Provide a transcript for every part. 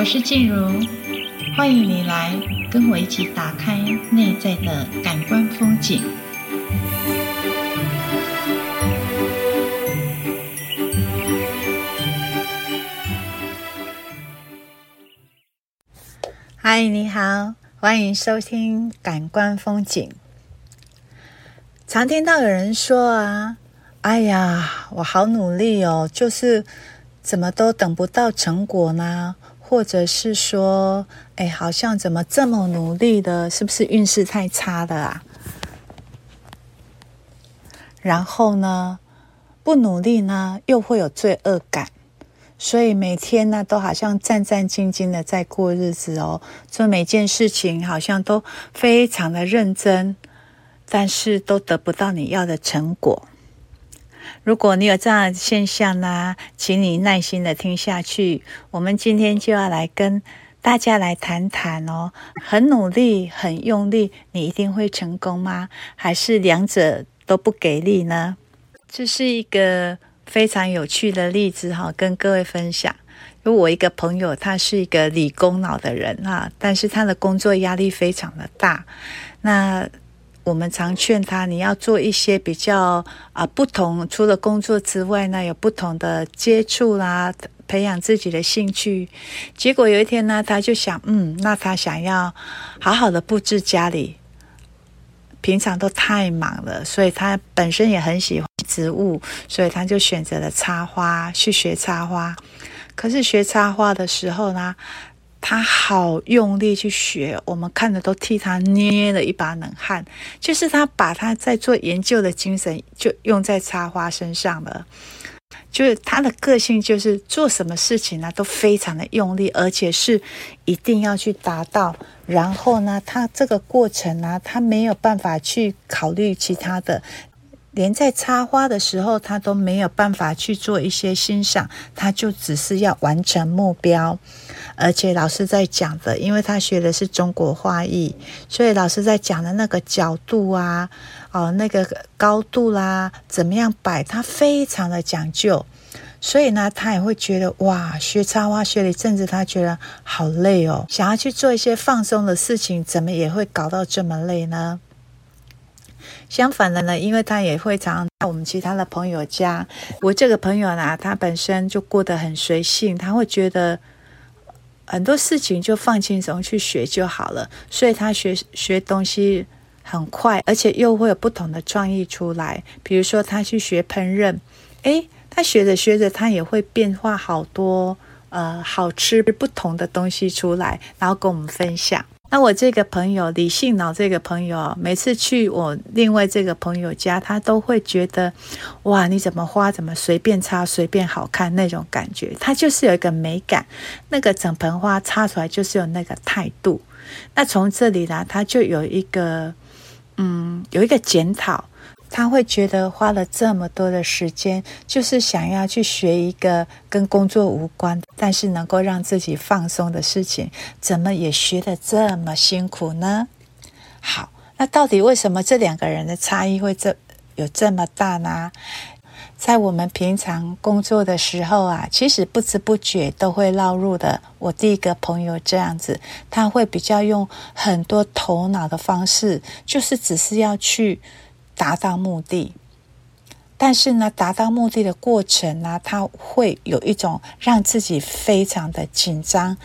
我是靜茹，歡迎你來跟我一起打開內在的感官風景。嗨，你好，歡迎收聽《感官風景》。常聽到有人說啊，哎呀，我好努力哦，就是怎麼都等不到成果呢？或者是說，哎，好像怎麼這麼努力的，是不是運勢太差了啊？然後呢，不努力呢，又會有罪惡感，所以每天呢，都好像戰戰兢兢的在過日子哦。做每件事情好像都非常的認真，但是都得不到你要的成果。如果你有這樣的現象呢，請你耐心的聽下去。我們今天就要來跟大家來談談哦，很努力、很用力，你一定會成功嗎？還是兩者都不給力呢？這是一個非常有趣的例子哈，跟各位分享。如果我一個朋友，他是一個理工腦的人哈，但是他的工作壓力非常的大。那我們常勸他，你要做一些比較啊、呃、不同，除了工作之外呢，有不同的接觸啦，培養自己的興趣。結果有一天呢，他就想，嗯，那他想要好好的布置家裡，平常都太忙了，所以他本身也很喜歡植物，所以他就選擇了插花，去學插花。可是學插花的時候呢，他好用力去學，我們看的都替他捏了一把冷汗。就是他把他在做研究的精神，就用在插花身上了。就是他的個性，就是做什麼事情呢，都非常的用力，而且是一定要去達到。然後呢，他這個過程呢，他沒有辦法去考慮其他的。連在插花的時候，他都沒有辦法去做一些欣賞，他就只是要完成目標。而且老師在講的，因為他學的是中國花藝，所以老師在講的那個角度啊，哦，那個高度啦，啊，怎麼樣擺，他非常的講究。所以呢，他也會覺得哇，學插花學了一陣子，他覺得好累哦，想要去做一些放鬆的事情，怎麼也會搞到這麼累呢？相反的呢，因為他也會常常到我們其他的朋友家。我這個朋友呢，他本身就過得很隨性，他會覺得很多事情就放輕鬆去學就好了，所以他學學東西很快，而且又會有不同的創意出來。比如說他去學烹飪，誒，他學着學着，他也會變化好多呃好吃不同的東西出來，然後跟我們分享。那我這個朋友，理性腦這個朋友，每次去我另外這個朋友家，他都會覺得，哇，你怎麼花，怎麼隨便插，隨便好看那種感覺，他就是有一個美感，那個整盆花插出來就是有那個態度。那從這裡呢，他就有一個，嗯，有一個檢討。他會覺得花了這麼多的時間，就是想要去學一個跟工作無關，但是能夠讓自己放鬆的事情，怎麼也學得這麼辛苦呢？好，那到底為什麼這兩個人的差異會這有這麼大呢？在我們平常工作的時候啊，其實不知不覺都會落入的。我第一個朋友這樣子，他會比較用很多頭腦的方式，就是只是要去。達到目的，但是呢，達到目的的過程呢，它會有一種讓自己非常的緊張。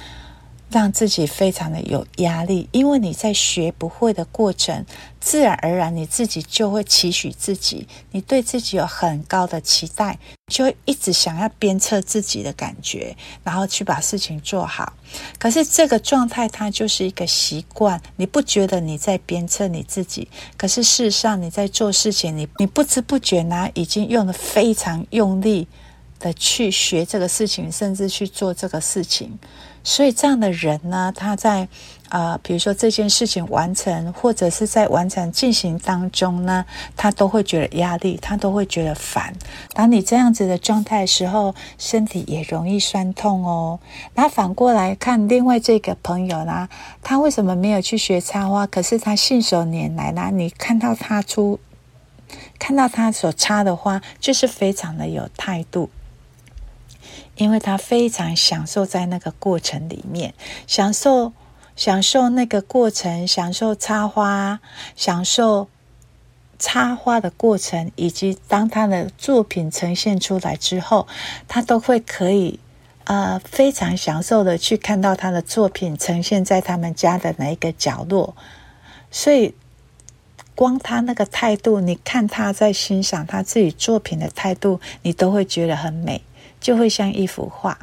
讓自己非常的有壓力，因為你在學不會的過程，自然而然你自己就會期許自己，你對自己有很高的期待，就會一直想要鞭策自己的感覺，然後去把事情做好。可是這個狀態它就是一個習慣，你不覺得你在鞭策你自己？可是事實上你在做事情，你你不知不覺呢、啊、已經用得非常用力。去學這個事情，甚至去做這個事情，所以這樣的人呢，他在呃，比如說這件事情完成，或者是在完成進行當中呢，他都會覺得壓力，他都會覺得煩。當你這樣子的狀態的時候，身體也容易痠痛哦。那反過來看，另外這個朋友呢，他為什麼沒有去學插花？可是他信手拈來呢？你看到他出，看到他所插的花，就是非常的有態度。因為他非常享受在那個過程裡面，享受享受那個過程，享受插花，享受插花的過程，以及當他的作品呈現出來之後，他都會可以呃非常享受的去看到他的作品呈現在他們家的哪一個角落。所以，光他那個態度，你看他在欣賞他自己作品的態度，你都會覺得很美。就會像一幅畫。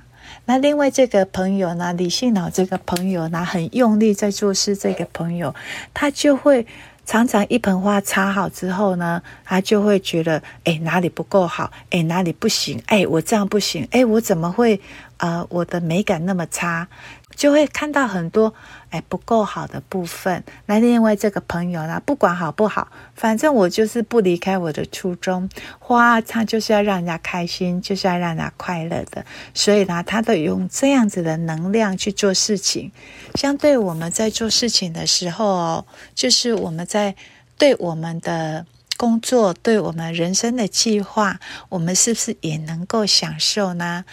那另外這個朋友呢，理性腦這個朋友呢，很用力在做事。這個朋友，他就會常常一盆花插好之後呢，他就會覺得，哎，哪裡不夠好？哎，哪裡不行？哎，我這樣不行？哎，我怎麼會？呃，我的美感那麼差？就會看到很多。哎，不夠好的部分。那另外這個朋友呢？不管好不好，反正我就是不離開我的初衷。花他就是要讓人家開心，就是要讓人家快樂的。所以呢，他都用這樣子的能量去做事情。相對我們在做事情的時候，就是我們在對我們的工作、對我們人生的計劃，我們是不是也能夠享受呢？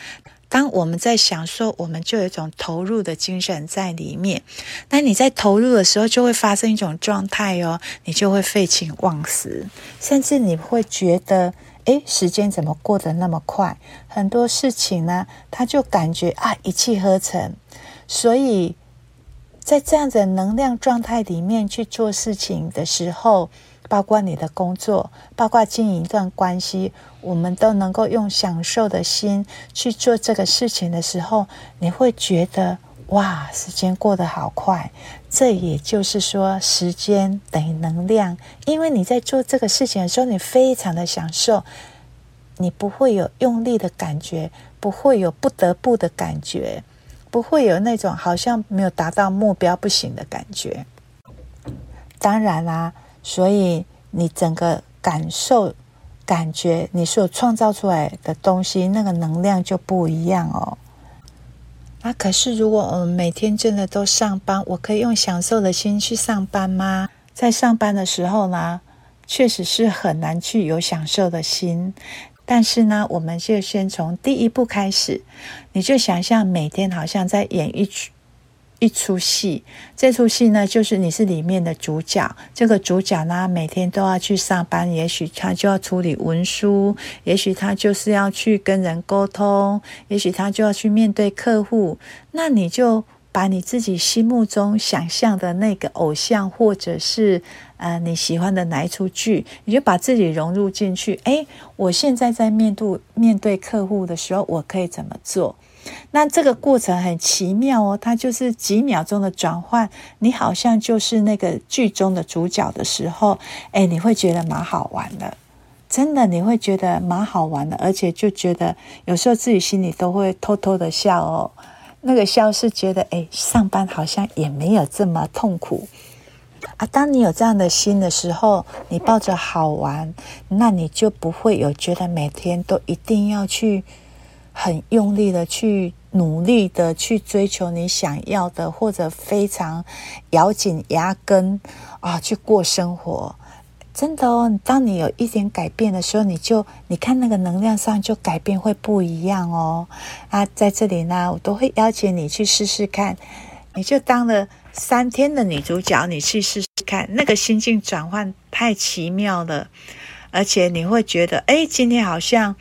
當我們在享受，我們就有一種投入的精神在裡面。那你在投入的時候，就會發生一種狀態哦，你就會廢寢忘食，甚至你會覺得，哎，時間怎麼過得那麼快？很多事情呢，他就感覺啊，一氣呵成。所以在這樣的能量狀態裡面去做事情的時候，包括你的工作，包括經營一段關係，我們都能夠用享受的心去做這個事情的時候，你會覺得哇，時間過得好快。這也就是說，時間等於能量，因為你在做這個事情的時候，你非常的享受，你不會有用力的感覺，不會有不得不的感覺，不會有那種好像沒有達到目標不行的感覺。當然啦、啊。所以你整個感受、感覺，你所創造出來的東西，那個能量就不一樣哦。啊，可是如果我們每天真的都上班，我可以用享受的心去上班嗎？在上班的時候呢，確實是很難去有享受的心。但是呢，我們就先從第一步開始，你就想象每天好像在演一出。一出戲，這齣戲呢，就是你是裡面的主角。這個主角呢，每天都要去上班，也許他就要處理文書，也許他就是要去跟人溝通，也許他就要去面對客戶。那你就把你自己心目中想象的那個偶像，或者是呃你喜歡的哪一出劇，你就把自己融入進去。誒、欸，我現在在面對面對客戶的時候，我可以怎麼做？那這個過程很奇妙哦，它就是幾秒鐘的轉換，你好像就是那個劇中的主角的時候，哎，你會覺得蠻好玩的，真的，你會覺得蠻好玩的，而且就覺得有時候自己心裡都會偷偷的笑哦。那個笑是覺得，哎，上班好像也沒有這麼痛苦啊。當你有這樣的心的時候，你抱着好玩，那你就不會有覺得每天都一定要去。很用力的去努力的去追求你想要的，或者非常咬緊牙根啊去過生活。真的哦，當你有一點改變的時候，你就你看那個能量上就改變會不一樣哦。啊，在這裡呢，我都會邀請你去試試看。你就當了三天的女主角，你去試試看，那個心境轉換太奇妙了，而且你會覺得，誒，今天好像。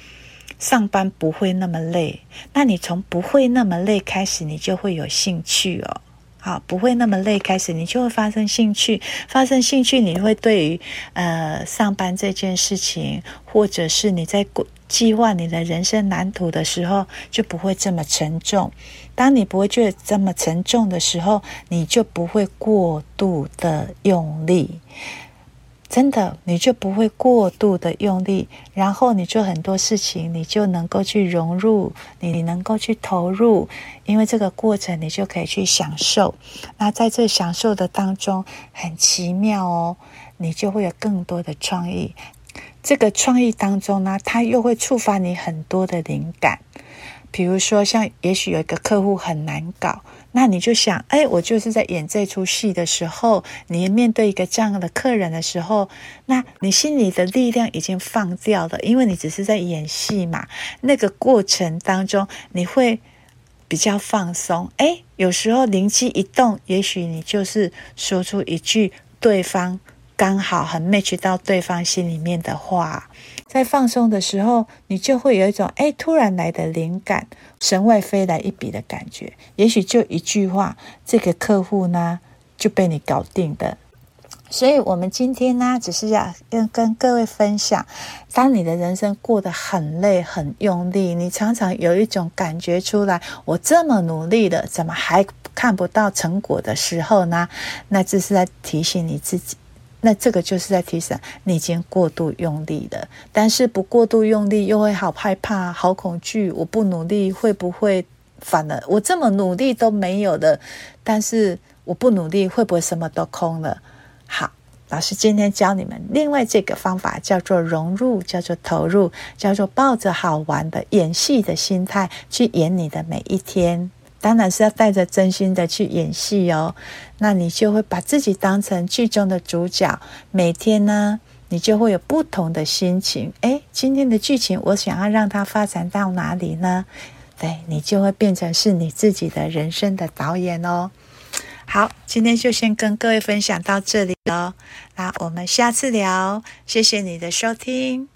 上班不會那麼累，那你從不會那麼累開始，你就會有興趣哦。好，不會那麼累開始，你就會發生興趣，發生興趣，你會對於呃上班這件事情，或者是你在計劃你的人生藍圖的時候，就不會這麼沉重。當你不會覺得這麼沉重的時候，你就不會過度的用力。真的，你就不會過度的用力，然後你做很多事情，你就能夠去融入，你能夠去投入，因為這個過程你就可以去享受。那在這享受的當中，很奇妙哦，你就會有更多的創意。這個創意當中呢，它又會觸發你很多的靈感。比如說像也許有一個客戶很難搞。那你就想，哎、欸，我就是在演這出戲的時候，你面對一個這樣的客人的時候，那你心裡的力量已經放掉了，因為你只是在演戲嘛。那個過程當中，你會比較放鬆。哎、欸，有時候靈機一動，也許你就是說出一句對方。剛好很 match 到對方心裡面的話，在放鬆的時候，你就會有一種誒突然來的靈感，神外飛來一筆的感覺。也許就一句話，這個客戶呢就被你搞定的。所以，我們今天呢，只是要跟跟各位分享，當你的人生過得很累、很用力，你常常有一種感覺出來，我這麼努力了，怎麼還看不到成果的時候呢？那這是在提醒你自己。那這個就是在提醒你，已經過度用力了。但是不過度用力，又會好害怕、好恐懼。我不努力，會不會反而我這麼努力都沒有的？但是我不努力，會不會什麼都空了？好，老師今天教你們，另外這個方法叫做融入，叫做投入，叫做抱着好玩的、演戲的心態去演你的每一天。當然是要帶着真心的去演戲哦，那你就會把自己當成劇中的主角，每天呢，你就會有不同的心情。誒，今天的劇情我想要讓它發展到哪裡呢？對，你就會變成是你自己的人生的導演哦。好，今天就先跟各位分享到這裡嘍，那我們下次聊。謝謝你的收聽。